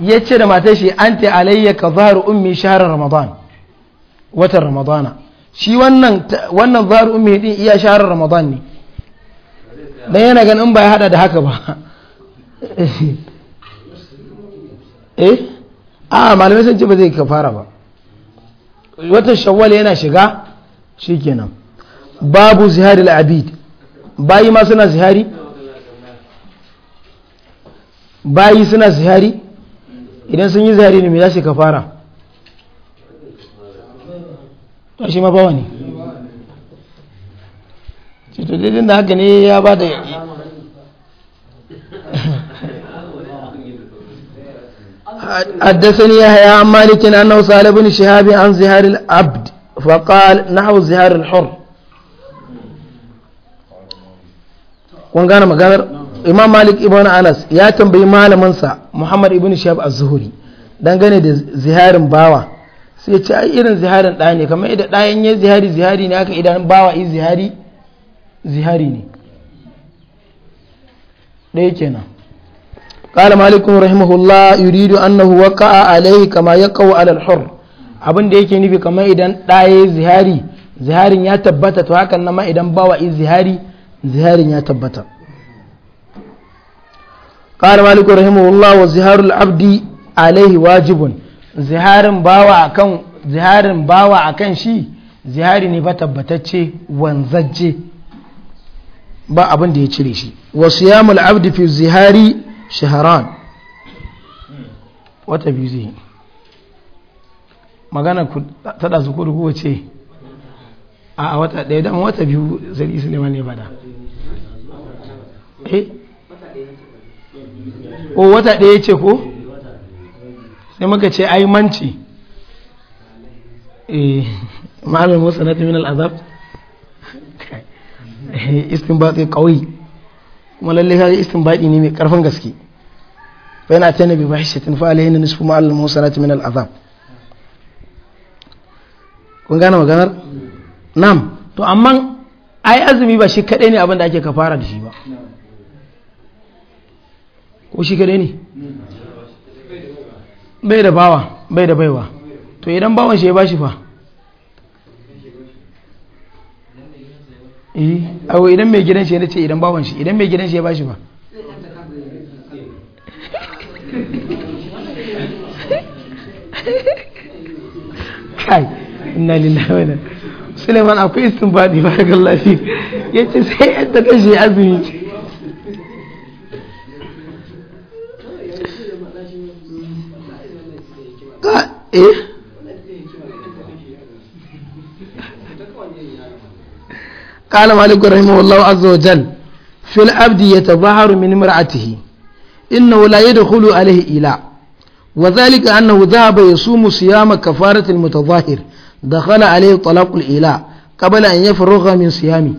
ya ce da matar shi an ta alayya ka zahar ummi shahar ramadan watan ramadana shi wannan wannan zaharu ummi din iya shahar ramadan ne dan yana ganin ba ya hada da haka ba eh a malamai sun ce ba zai kafara ba watan shawwal yana shiga shikenan babu al abid bayi ma suna zihari bayi suna zihari idan sun yi zari ne mai za su kafara ta shi mabawa ne cutudin da haka ne ya ba da haddasa ni ya haya amma nake na nau salabin shahabi an ziharil abd faƙal na hau ziharil hor ƙungana maganar no. imam malik ibn anas ya tambayi malaminsa muhammad ibn shahab az-zuhri dangane da ziharin bawa sai ce ai irin ziharin d'a ne kamar idan dayan ya zihari zihari ne haka idan bawa yi zihari zihari ne dai kenan قال مالك رحمه الله يريد أنه وقع عليه كما يقع على الحر abin da yake nufi kamar idan ɗaya zihari ziharin ya tabbata to hakan nan ma idan bawa zihari ziharin ya tabbata قال مالك رحمه الله alaihi العبد ziharin bawa زهار باوا أكن زهار باوا أكن شي zihari ne ba tabbatacce wanzacce ba abin da ya cire shi wasu ya mul'abdi fi zihari shaharan wata biyu zai magana ta da zuku ruku wace a wata ɗaya wata biyu zari su ne ba da o wata ɗaya ce ko sai muka ce ai manci eh ma'alar musa na tumin al'azab istinbati kawai kuma lalle istin baɗi ne mai ƙarfin gaske fa yana tana bi fahishatin fa alayhi nisfu ma'al musanat min al'azab kun gane maganar nam to amma ai azumi ba shi kaɗai ne abin da ake kafara da shi ba ko shi kadai ne bai da bawa bai da baiwa to idan bawan shi ya bashi fa eh awo idan mai gidan shi ya ce idan bawan shi idan mai gidan shi ya bashi fa kai inna lillahi wa inna Suleiman akwai istinbadi barakallahu yace sai yadda kashi azumi ka eh قال مالك رحمه الله عز وجل في العبد يتظاهر من امرأته إنه لا يدخل عليه إله وذلك أنه ذهب يصوم صيام كفارة المتظاهر دخل عليه طلاق الإله قبل أن يفرغ من صيامه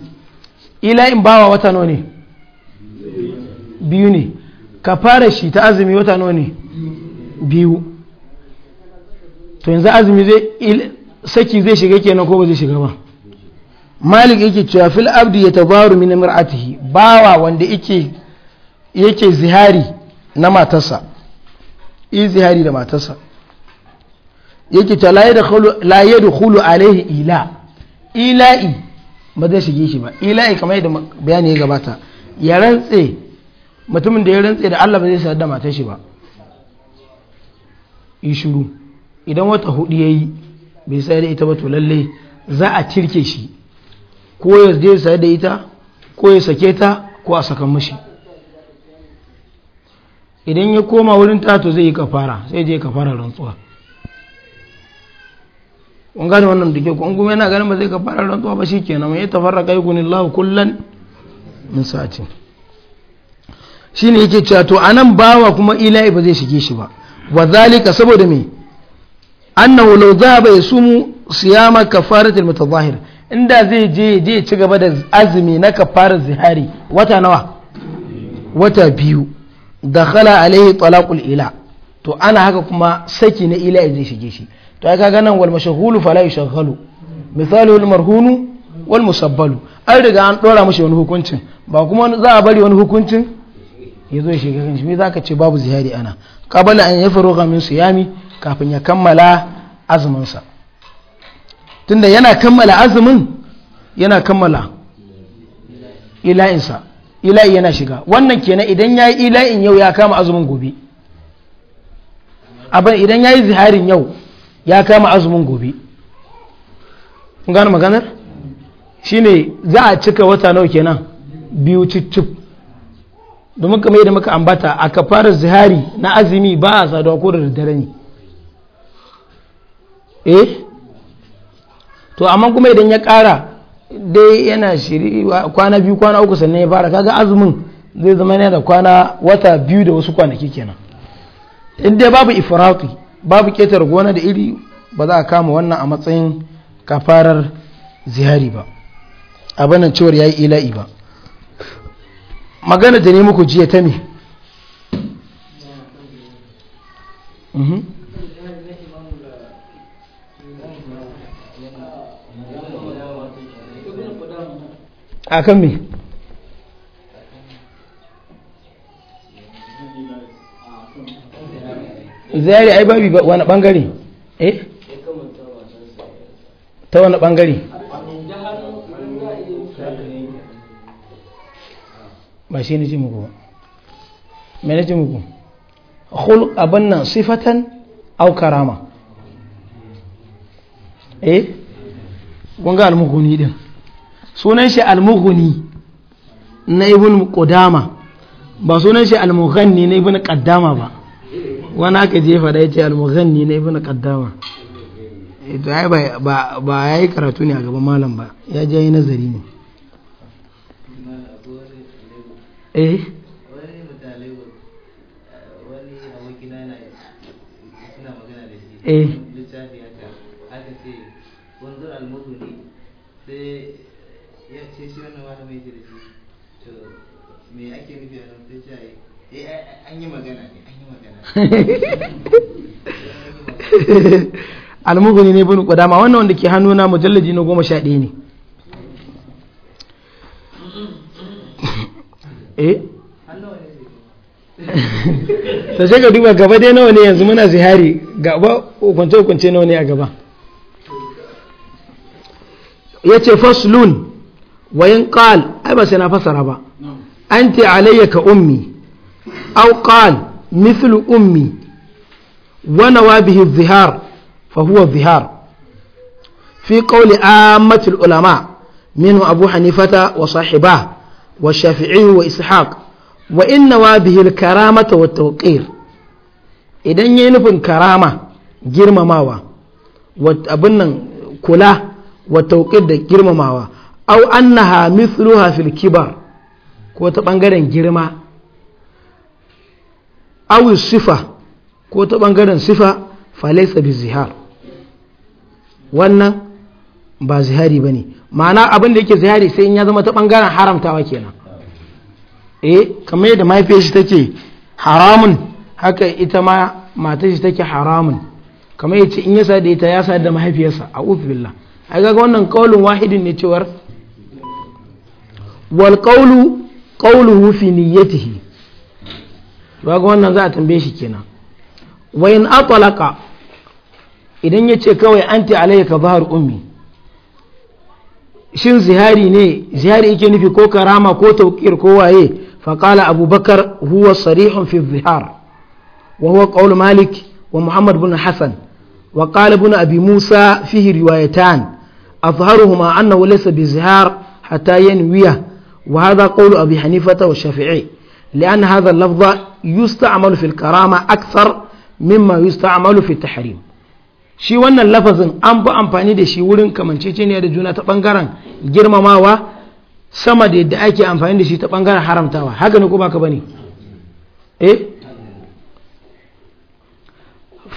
إله إن باوا وتنوني بيوني كفارة شي تأزمي وتنوني بيو to yanzu azumi zai saki zai shiga kenan ko ba zai shiga ba malik yake cewa fil abdu ya tabaru min mar'atihi bawa wanda yake yake zihari na matarsa yi zihari da matarsa yake ta la da hulu alaihi ila ila'i ba zai shige shi ba ila'i kamar yadda bayani ya gabata ya rantse mutumin da ya rantse da Allah ba zai sadar da matar shi ba yi shuru idan wata hudu ya yi bai sayar da ita ba to lalle za a cirke shi ko ya je sayar da ita ko ya sake ta ko a saka mashi idan ya koma wurin ta to zai yi kafara sai je kafara rantsuwa kun gane wannan da ke kun kuma yana ganin ba zai kafara rantsuwa ba shi kenan mai tafarra kai kun lahu kullan min sa'ati shine yake cewa to anan bawa kuma ilahi ba zai shige shi ba wa zalika saboda me annahu law dhahaba yasumu siyama kafaratil mutadhahir inda zai je je ci gaba da azumi na kafarar zihari wata nawa wata biyu dakhala alaihi talaqul ila to ana haka kuma saki na ila zai shige shi to ai kaga nan wal mashghulu fala yushaghalu misalu al marhunu wal musabbalu an riga an dora mashi wani hukuncin ba kuma za a bari wani hukuncin ya ya shiga me zaka ce babu zihari ana qabala an yafruga min siyami kafin ya kammala azuminsa tunda yana kammala azumin yana kammala ila'insa ila'i yana shiga wannan kenan idan yayi yi ila'in yau ya kama azumin gobe abin idan ya yi ziharin yau ya kama azumin gobe kun gane maganar shine za a cika wata nawa kenan biyu cicif domin kamar yadda muka ambata aka fara zihari na azumi ba a saduwa ko da daddare ne eh to amma kuma idan ya kara dai yana shiri kwana biyu kwana uku sannan ya fara kaga azumin zai zama yana da kwana wata biyu da wasu kwanaki kenan in dai babu ifrati babu ketar gona da iri ba za a kama wannan a matsayin kafarar zihari ba abanan cewar yayi ila'i ba magana da ne muku jiya ta ne? akan me zari ai babi wani bangare eh ta wani bangare ba shi ne ji muku ba mai na ji muku khul abin nan sifatan au karama eh gunga ni din sunan shi al-mughni na ibn qudama ba sunan shi al-mughanni na ibn qaddama ba wani aka jefa da yace al-mughanni na ibn qaddama ita eh, ai ba ba yayi karatu ne a gaban malam ba ya je yi nazari ne eh eh ya ce shi wannan da to me ake nufi a nan eh, eh, an yi magana ne an yi magana almuguni ne bin kudama wannan wanda ke na mujallaji na goma sha ɗaya ne eh ta ce ka duba gaba dai nawa ne yanzu muna zihari gaba hukunce hukunce nawa ne a gaba ya ce faslun wayan qal ai ba sai na fasara ba anti alayyaka ummi aw qal mithlu ummi wa nawabihi adh-dhihar fa huwa fi qawli ammati al-ulama min abu hanifata wa sahibah wa shafi'i wa ishaq wa inna wa bihi karamata wa idan yayi nufin karama girmamawa abin nan kula wa da girmamawa au annaha mithluha fil kibar ko ta bangaren girma au sifa ko ta bangaren sifa falaisa bi zihar wannan ba zihari ba ne ma'ana abin da yake zihari sai in ya zama ta bangaren haramtawa kenan eh kamar yadda mahaifiyar shi take haramun haka ita ma matar shi take haramun kamar yace in ya sa da ita ya sa da mahaifiyarsa a billah ai ga wannan kaulin wahidin ne cewar wal ƙaulu qawluhu fi niyyatihi ga wannan za a tambaye shi kenan wa in idan idan ce kawai anti alayyaka, zahar ummi shin zihari ne zihari yake nufi ko karama ko tawqir ko waye fa abubakar huwa sarihun fi zihar wa huwa malik wa muhammad bin Hassan. wa qala ibn abi musa fihi riwayatan azharuhuma annahu laysa bizihar hatta yanwiya وهذا قول أبي حنيفة والشافعي لأن هذا اللفظ يستعمل في الكرامة أكثر مما يستعمل في التحريم shi wannan lafazin an bi amfani da shi wurin kamanceceniya da juna ta bangaren girmamawa sama da yadda ake amfani da shi ta bangaren haramtawa haka ne ko baka bane eh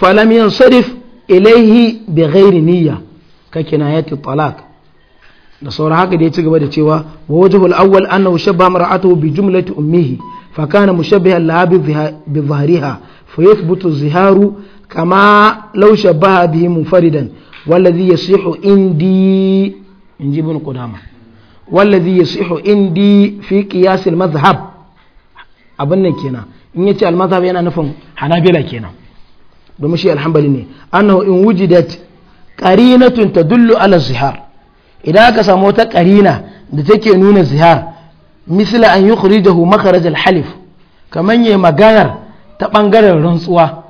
falam yansarif ilaihi bi ghairi niyya ka kinayati talaq da sauran haka da ya ci gaba da cewa wa an awwal annahu shabba mar'atuhu bi jumlati ummihi fa kana mushabbihan laha bi dhahriha fa ziharu kama law shabbaha bihi munfaridan والذي يصيح عندي نجيب قدامة والذي يصيح عندي في قياس المذهب abin kenan in yace almazhab yana nufin hanabila kenan domin shi alhambali ne annahu in wujidat qarinatun tadullu ala zihar idan aka samu wata karina da take nuna zihar misla an yukhrijahu makharaj al-halif kaman yayi maganar ta bangaren rantsuwa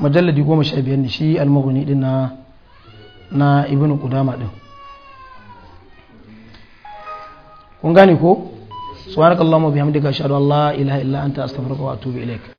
mujalladi 15 ne shi al-mughni din na na ibnu qudama din kun gane ko subhanakallahumma bihamdika ashhadu an la ilaha illa anta astaghfiruka wa atubu ilaik